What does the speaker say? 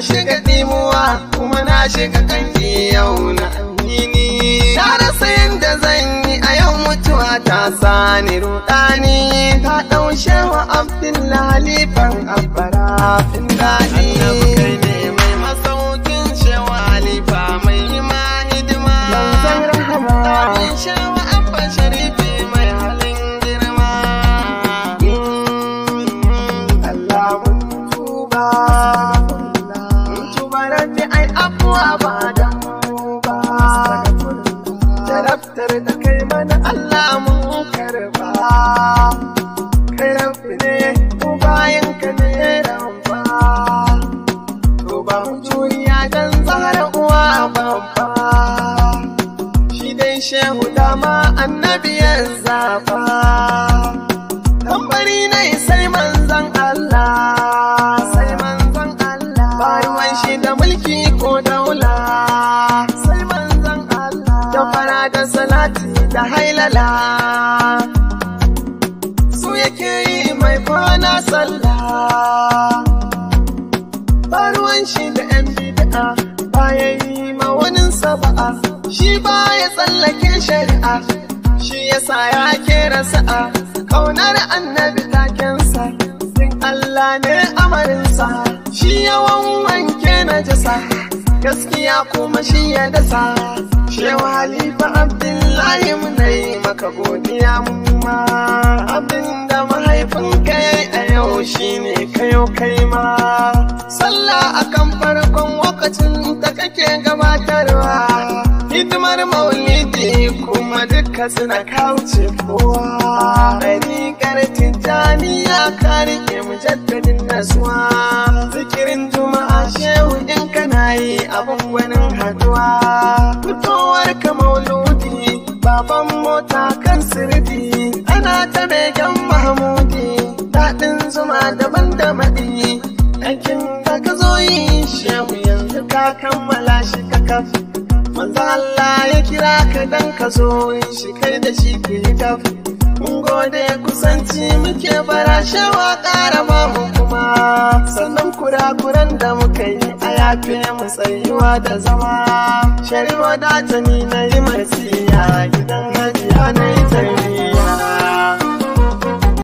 shiga dimuwa kuma na shiga kanki yau na ni na rasa yadda zan yi a yau mutuwa ta sani rudani ta daushe wa abdullahi halifan abbara fin daɗi shawa abba sharifi kuwa ba da mu ba jarabtar da kai mana Allah mun karba kai rabbi ne ko bayan ka ne to ba mu juriya dan zahara uwa babba shi dai shehu dama annabi ya zaba da salati da hailala su yake yi mai kwana sallah baruwan shi da yan bid'a ya yi ma wani saba'a shi ba ya tsallake shari'a shi ya sa ya kera sa'a kaunar annabi takensa sun Allah ne amarinsa shi yawan wanke na jasa gaskiya kuma shi ya dasa Shehu Halifa Abdullahi muna yi maka godiya ma. Abinda mahaifinka ya yi a yau shi ne kayo kai ma. Sallah akan farkon lokacin da kake gabatarwa. Hidimar maulidi kuma duka suna kauce kowa. Ɗariƙar tijjani ya kare ke mujaddadin nasuwa. Zikirin juma'a shehu in kana yi abin wani haduwa fitowar ka mauludi baban mota kan sirdi ana ta begen mahamudi daɗin zuma daban da maɗi Ɗankin da ka zo yi shi yanzu ka kammala shi ka kafi manzo Allah ya kira ka dan ka zo shi kai da shi ke tafi mun gode kusanci muke fara shawa ƙara mamu sannan kurakuran da muka yi a yafe mu tsayuwa da zama shari'a da ta ni na yi